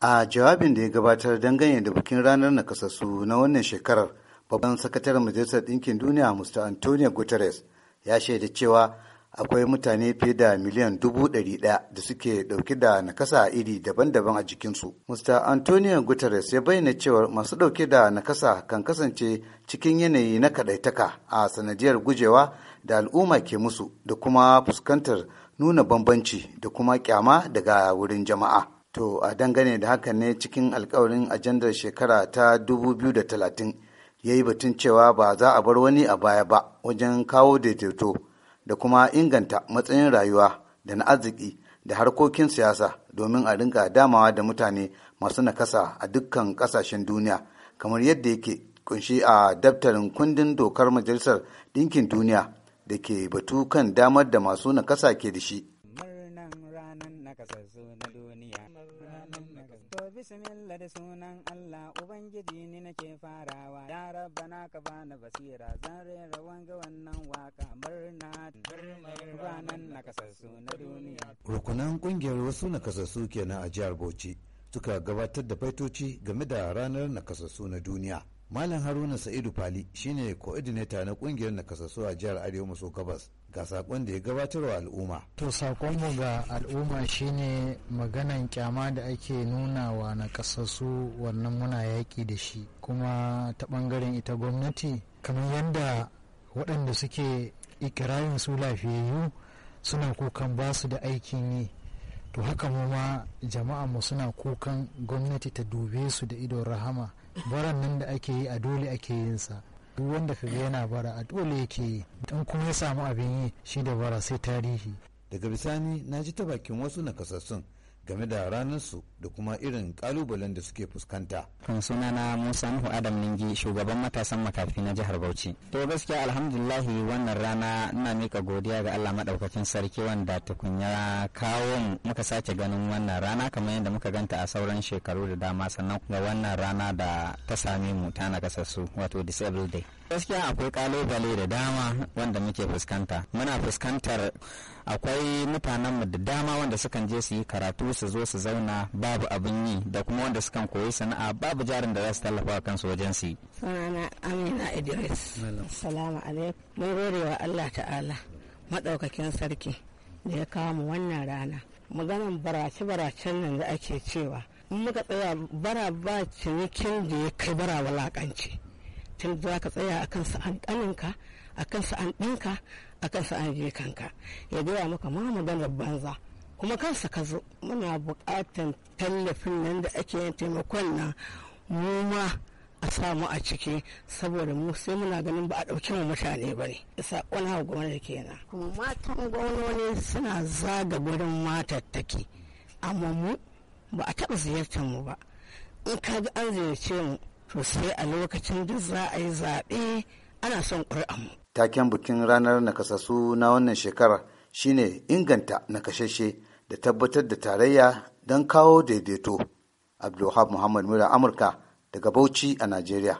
A jawabin da ya gabatar dangane da bikin ranar nakasassu na wannan shekarar, babban sakataren Majalisar Ɗinkin Duniya Mr. Antonio Guterres ya shaida cewa akwai mutane fiye da miliyan dubu ɗari ɗaya da suke ɗauke da nakasa iri daban-daban a jikinsu. Mr. Antonio Guterres ya bayyana cewa masu ɗauke da nakasa kan kasance cikin yanayi na kaɗaitaka a sanadiyar gujewa da al'umma ke musu da kuma fuskantar nuna bambanci da kuma kyama daga wurin jama'a. To a dangane da haka ne cikin alkawarin ajandar shekara ta 2030 ya yi batun cewa ba za a bar wani a baya ba wajen kawo daidaito da kuma inganta matsayin rayuwa da na arziki da harkokin siyasa domin a rinka damawa da mutane masu nakasa a dukkan kasashen duniya kamar yadda yake kunshi a daftarin kundin dokar majalisar ɗinkin duniya da ke batu kan damar da masu nakasa ke da shi. nakasassu na duniya. To bismillah da sunan Allah Ubangiji ni nake farawa. Ya rabbana ka bani basira zan rera wanga wannan waka murna ranan nakasassu na duniya. Rukunan kungiyar wasu nakasassu kenan a jihar Bauchi suka gabatar da faitoci game da ranar nakasassu na duniya. Malam Haruna Sa'idu Fali shine coordinator na kungiyar nakasassu a jihar Arewa maso gabas ga sakon da ya gabatarwa al'umma. To sakonmu ga al'umma shine maganan kyama da ake nuna wa nakasassu wannan muna yaki da shi kuma ta ɓangaren ita gwamnati kamar yadda waɗanda suke ikirarin su lafiyayyu suna kukan basu da aikin yi to haka mu ma jama'a mu suna kukan gwamnati ta dube su da idon rahama baran nan da ake yi a dole ake yin sa duk wanda ka ga yana bara a dole yake yi dan kuma ya samu abin yi shi da bara sai tarihi daga bisani na ji ta bakin wasu nakasassun game da ranarsu da kuma irin kalubalen da suke fuskanta. Kan sunana Musa Nuhu Adam Ningi shugaban matasan makafi na jihar Bauchi. To gaskiya alhamdulillahi wannan rana ina mika godiya ga Allah madaukakin sarki wanda tukunya kawo muka sake ganin wannan rana kamar yadda muka ganta a sauran shekaru da dama sannan ga wannan rana da ta same mu ta wato disabled day. Gaskiya akwai kalubale da dama wanda muke fuskanta. Muna fuskantar akwai mutanenmu da dama wanda sukan je su yi karatu su zo su zauna babu abin yi da kuma wanda sukan koyi sana'a babu jarin da za su tallafa kansu wajen su Sunana Amina Idris. Salamu alaikum. Mun gode wa Allah ta'ala maɗaukakin sarki da ya kawo mu wannan rana. Maganan barace-baracen nan da ake cewa in muka tsaya bara ba cinikin da ya kai bara walakanci. tun za ka tsaya a kan sa'an ɗaninka a kan sa'an ɗinka a kan sa'an jikanka ya gaya maka ma maganar banza kuma kansa ka zo muna buƙatar tallafin nan da ake yin taimakon nan mu ma a samu a ciki saboda mu sai muna ganin ba a ɗauki mu mutane ba ne saƙon hau gwamnati kenan kuma matan gwamnoni suna zaga gurin matattaki amma mu ba a taɓa ziyartar mu ba in ka ga an ziyarce mu to sai a lokacin da za a yi zaɓe ana son ƙuri'a mu taken bikin ranar nakasassu na wannan shekarar shine inganta nakashashe da tabbatar da tarayya don kawo daidaito. Abdulhab Muhammad Mura Amurka daga Bauchi a Najeriya.